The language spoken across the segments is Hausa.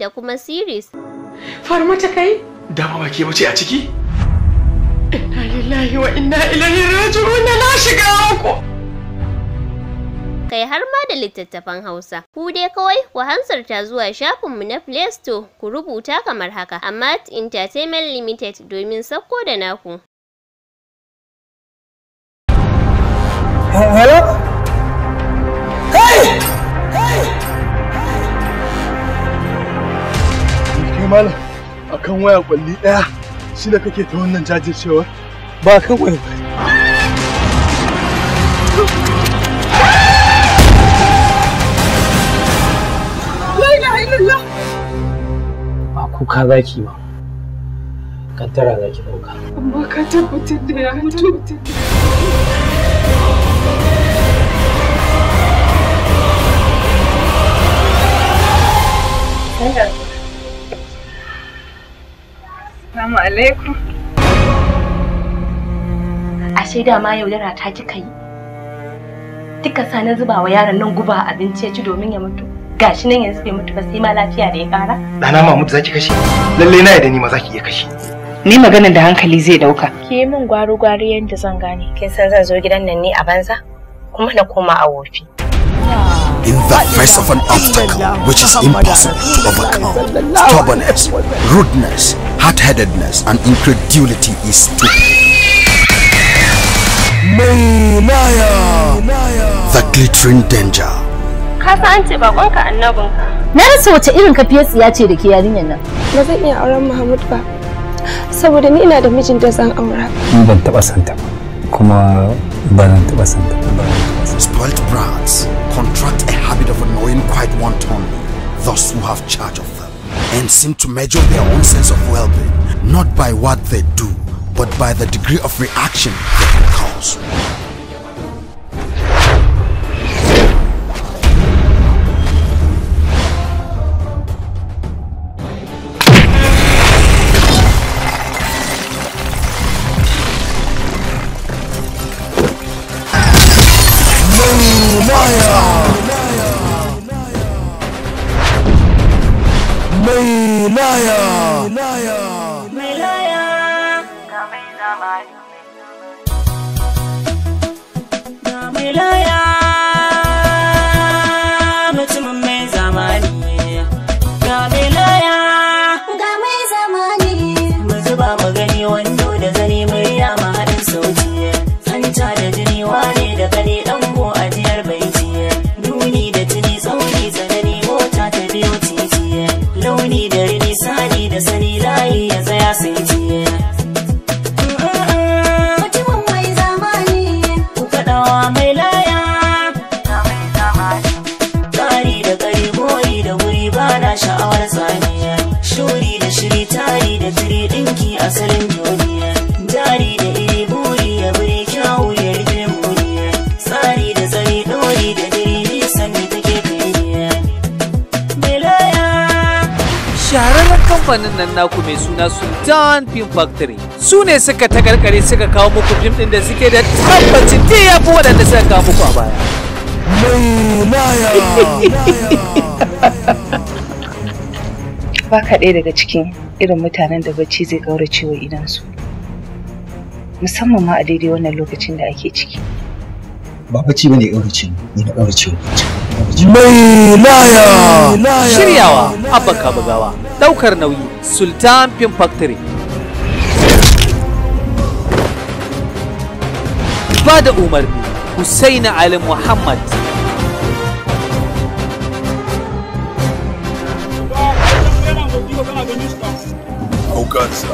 da kuma series. Farmata kai? Dama ba ke wuce a ciki? Inna lillahi wa inna ilaihi raji'un na shiga ku. Kai har ma da littattafan Hausa. Ku dai kawai ku hansarta zuwa shafinmu na Play Store ku rubuta kamar haka, amma Entertainment Limited domin sakko da naku. Hello? a akan waya kwalli daya shi da kake ta wannan jajircewar ba kan waya ba ba kuka zaki ba kantara zaki dauka amma ka tabbatar da ya mutu Thank you. Assalamu alaikum. Ashe dama yaudara ta kika yi. Tika sa na zuba wa yaron nan guba abinci ya ci domin ya mutu. Gashi nan yanzu bai mutu ba sai ma lafiya da ya kara. Dana mutu zaki kashe. Lalle na yadda ni ma zaki iya kashe. Ni maganin da hankali zai dauka. Ki yi min gwaro gwari yadda zan gane. Kin san zan zo gidan nan ne a banza kuma na koma a wofi. in the face of an obstacle which is impossible to overcome. Stubbornness, rudeness, hard-headedness, and incredulity is stupid. The glittering danger. Ka an ce bakonka annabinka. Na rasa wace irin kafiyar tsiya ce da ke yarinyar nan. Ba zan iya auren Muhammad ba. Saboda ni ina da mijin da zan aura. Ni ban taba santa ba. Kuma ba zan taba santa ba. Spoiled brats. contract a habit of annoying quite wantonly those who have charge of them, and seem to measure their own sense of well-being not by what they do, but by the degree of reaction they can cause. mai laya mai laya ga mai zamani ga mai laya ga mai zamani ga mai laya ga mai zamani zuba rawa mai laya Tsari da gari goyi da wuri bana sha'awar tsami Shuri da shiri tari da tiri ɗinki asali kamfanin nan naku mai suna Sultan Film Factory. Su ne suka takarkare suka kawo muku fim ɗin da suke da tabbaci ta ya fi waɗanda suka kawo muku a baya. Ba ka ɗaya daga cikin irin mutanen da bacci zai kaurace wa idansu. Musamman ma a daidai wannan lokacin da ake ciki. Ba bacci ba ne kaurace ni na kaurace wa bacci. Mai Shiryawa Abba Kabagawa Daukar nauyi Sultan Film Factory Bada umarni Hussein Ali Muhammad Aukansa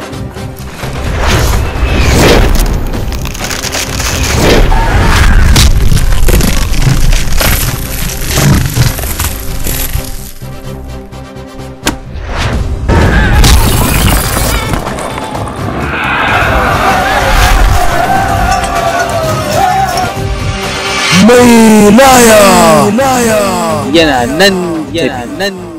mai laya yana nan yana nan